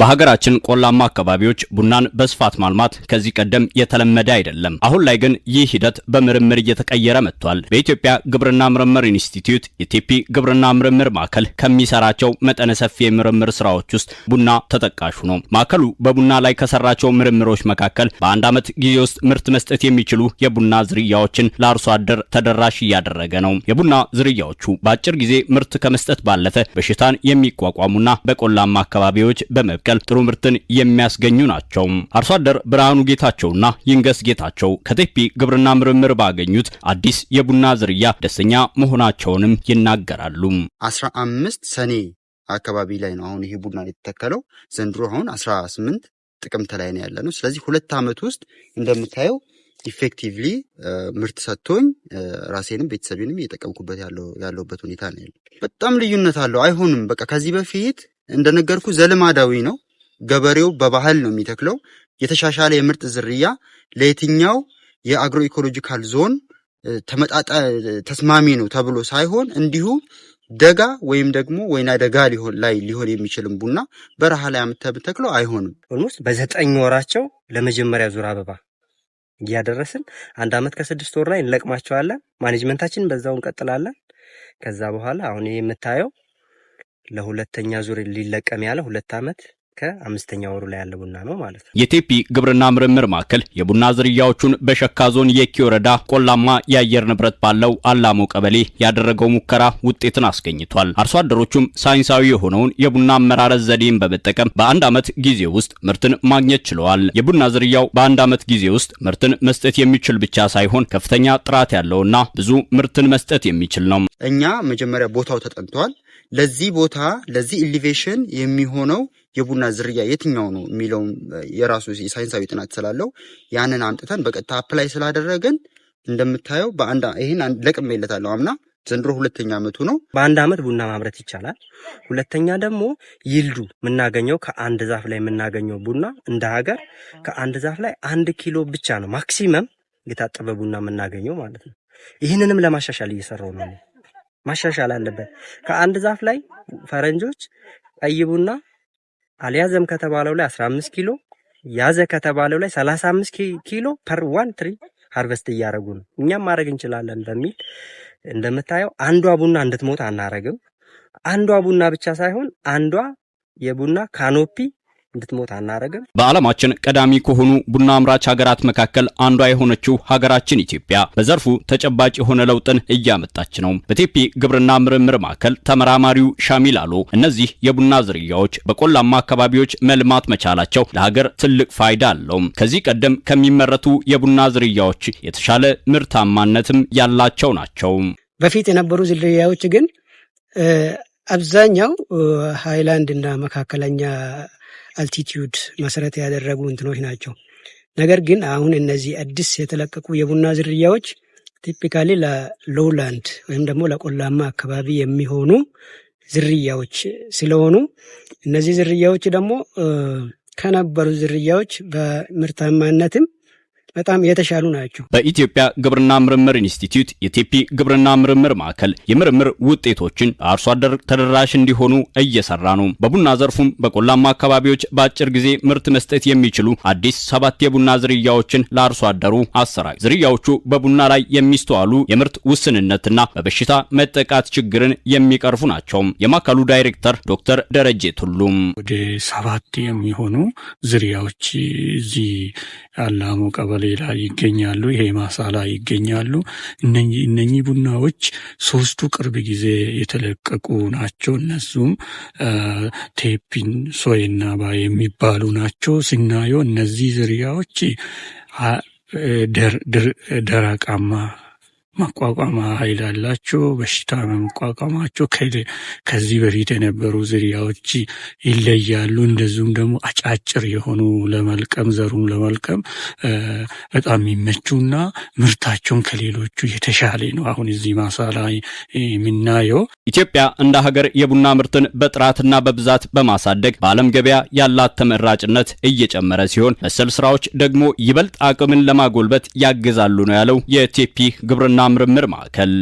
በሀገራችን ቆላማ አካባቢዎች ቡናን በስፋት ማልማት ከዚህ ቀደም የተለመደ አይደለም። አሁን ላይ ግን ይህ ሂደት በምርምር እየተቀየረ መጥቷል። በኢትዮጵያ ግብርና ምርምር ኢንስቲትዩት የቴፒ ግብርና ምርምር ማዕከል ከሚሰራቸው መጠነ ሰፊ የምርምር ስራዎች ውስጥ ቡና ተጠቃሹ ነው። ማዕከሉ በቡና ላይ ከሰራቸው ምርምሮች መካከል በአንድ ዓመት ጊዜ ውስጥ ምርት መስጠት የሚችሉ የቡና ዝርያዎችን ለአርሶ አደር ተደራሽ እያደረገ ነው። የቡና ዝርያዎቹ በአጭር ጊዜ ምርት ከመስጠት ባለፈ በሽታን የሚቋቋሙና በቆላማ አካባቢዎች በመብ በመብቀል ጥሩ ምርትን የሚያስገኙ ናቸው። አርሶ አደር ብርሃኑ ጌታቸውና ይንገስ ጌታቸው ከቴፒ ግብርና ምርምር ባገኙት አዲስ የቡና ዝርያ ደስተኛ መሆናቸውንም ይናገራሉ። አስራ አምስት ሰኔ አካባቢ ላይ ነው አሁን ይሄ ቡና የተተከለው። ዘንድሮ አሁን አስራ ስምንት ጥቅምት ላይ ነው ያለ ነው። ስለዚህ ሁለት ዓመት ውስጥ እንደምታየው ኢፌክቲቭሊ ምርት ሰጥቶኝ ራሴንም ቤተሰቤንም እየጠቀምኩበት ያለሁበት ሁኔታ ነው ያለው። በጣም ልዩነት አለው። አይሆንም በቃ ከዚህ በፊት እንደነገርኩ ዘልማዳዊ ነው። ገበሬው በባህል ነው የሚተክለው። የተሻሻለ የምርጥ ዝርያ ለየትኛው የአግሮ ኢኮሎጂካል ዞን ተመጣጣ ተስማሚ ነው ተብሎ ሳይሆን እንዲሁ ደጋ ወይም ደግሞ ወይና ደጋ ሊሆን ላይ ሊሆን የሚችልም ቡና በረሃ ላይ አምጥተህ ብተክለው አይሆንም። ኦልሞስት በዘጠኝ ወራቸው ለመጀመሪያ ዙር አበባ እያደረስን አንድ ዓመት ከስድስት ወር ላይ እንለቅማቸዋለን። ማኔጅመንታችን በዛው እንቀጥላለን። ከዛ በኋላ አሁን የምታየው ለሁለተኛ ዙር ሊለቀም ያለ ሁለት ዓመት ከአምስተኛ ወሩ ላይ ያለ ቡና ነው ማለት ነው። የቴፒ ግብርና ምርምር ማዕከል የቡና ዝርያዎቹን በሸካ ዞን የኪ ወረዳ ቆላማ የአየር ንብረት ባለው አላሞ ቀበሌ ያደረገው ሙከራ ውጤትን አስገኝቷል። አርሶ አደሮቹም ሳይንሳዊ የሆነውን የቡና አመራረት ዘዴን በመጠቀም በአንድ ዓመት ጊዜ ውስጥ ምርትን ማግኘት ችለዋል። የቡና ዝርያው በአንድ ዓመት ጊዜ ውስጥ ምርትን መስጠት የሚችል ብቻ ሳይሆን ከፍተኛ ጥራት ያለውና ብዙ ምርትን መስጠት የሚችል ነው። እኛ መጀመሪያ ቦታው ተጠንቷል። ለዚህ ቦታ ለዚህ ኢሊቬሽን የሚሆነው የቡና ዝርያ የትኛው ነው የሚለውን የራሱ የሳይንሳዊ ጥናት ስላለው ያንን አምጥተን በቀጥታ አፕላይ ስላደረግን እንደምታየው በአንድ ይህን ለቅሜለታለሁ አምና ዘንድሮ ሁለተኛ ዓመቱ ነው። በአንድ ዓመት ቡና ማምረት ይቻላል። ሁለተኛ ደግሞ ይልዱ የምናገኘው ከአንድ ዛፍ ላይ የምናገኘው ቡና እንደ ሀገር ከአንድ ዛፍ ላይ አንድ ኪሎ ብቻ ነው ማክሲመም የታጠበ ቡና የምናገኘው ማለት ነው። ይህንንም ለማሻሻል እየሰራው ነው። ማሻሻል አለበት። ከአንድ ዛፍ ላይ ፈረንጆች ቀይ ቡና አልያዘም ከተባለው ላይ 15 ኪሎ ያዘ ከተባለው ላይ 35 ኪሎ ፐር ዋን ትሪ ሃርቨስት እያደረጉ ነው። እኛም ማድረግ እንችላለን በሚል እንደምታየው አንዷ ቡና እንድትሞት አናረግም። አንዷ ቡና ብቻ ሳይሆን አንዷ የቡና ካኖፒ እንድትሞት አናረግም። በዓለማችን ቀዳሚ ከሆኑ ቡና አምራች ሀገራት መካከል አንዷ የሆነችው ሀገራችን ኢትዮጵያ በዘርፉ ተጨባጭ የሆነ ለውጥን እያመጣች ነው። በቴፒ ግብርና ምርምር ማዕከል ተመራማሪው ሻሚል አሎ እነዚህ የቡና ዝርያዎች በቆላማ አካባቢዎች መልማት መቻላቸው ለሀገር ትልቅ ፋይዳ አለው። ከዚህ ቀደም ከሚመረቱ የቡና ዝርያዎች የተሻለ ምርታማነትም ያላቸው ናቸው። በፊት የነበሩ ዝርያዎች ግን አብዛኛው ሃይላንድ እና መካከለኛ አልቲቲዩድ መሰረት ያደረጉ እንትኖች ናቸው። ነገር ግን አሁን እነዚህ አዲስ የተለቀቁ የቡና ዝርያዎች ቲፒካሊ ለሎውላንድ ወይም ደግሞ ለቆላማ አካባቢ የሚሆኑ ዝርያዎች ስለሆኑ እነዚህ ዝርያዎች ደግሞ ከነበሩ ዝርያዎች በምርታማነትም በጣም የተሻሉ ናቸው። በኢትዮጵያ ግብርና ምርምር ኢንስቲትዩት የቴፒ ግብርና ምርምር ማዕከል የምርምር ውጤቶችን አርሶ አደር ተደራሽ እንዲሆኑ እየሰራ ነው። በቡና ዘርፉም በቆላማ አካባቢዎች በአጭር ጊዜ ምርት መስጠት የሚችሉ አዲስ ሰባት የቡና ዝርያዎችን ለአርሶ አደሩ አሰራጭ። ዝርያዎቹ በቡና ላይ የሚስተዋሉ የምርት ውስንነትና በበሽታ መጠቃት ችግርን የሚቀርፉ ናቸው። የማዕከሉ ዳይሬክተር ዶክተር ደረጀ ቱሉም ወደ ሰባት የሚሆኑ ዝርያዎች እዚህ አላሙ ቀበሌ በርበሬ ላይ ይገኛሉ፣ ይሄ ማሳ ላይ ይገኛሉ። እነኚህ ቡናዎች ሶስቱ ቅርብ ጊዜ የተለቀቁ ናቸው። እነሱም ቴፒን፣ ሶይና ባይ የሚባሉ ናቸው። ስናየው እነዚህ ዝርያዎች ደረቃማ መቋቋም ኃይል አላቸው። በሽታ መቋቋማቸው ከዚህ በፊት የነበሩ ዝርያዎች ይለያሉ። እንደዚሁም ደግሞ አጫጭር የሆኑ ለመልቀም ዘሩን ለመልቀም በጣም የሚመቹና ምርታቸውን ከሌሎቹ የተሻለ ነው። አሁን እዚህ ማሳ ላይ የምናየው ኢትዮጵያ እንደ ሀገር የቡና ምርትን በጥራትና በብዛት በማሳደግ በዓለም ገበያ ያላት ተመራጭነት እየጨመረ ሲሆን መሰል ስራዎች ደግሞ ይበልጥ አቅምን ለማጎልበት ያግዛሉ ነው ያለው የቴፒ ግብርና ምርምር ማዕከል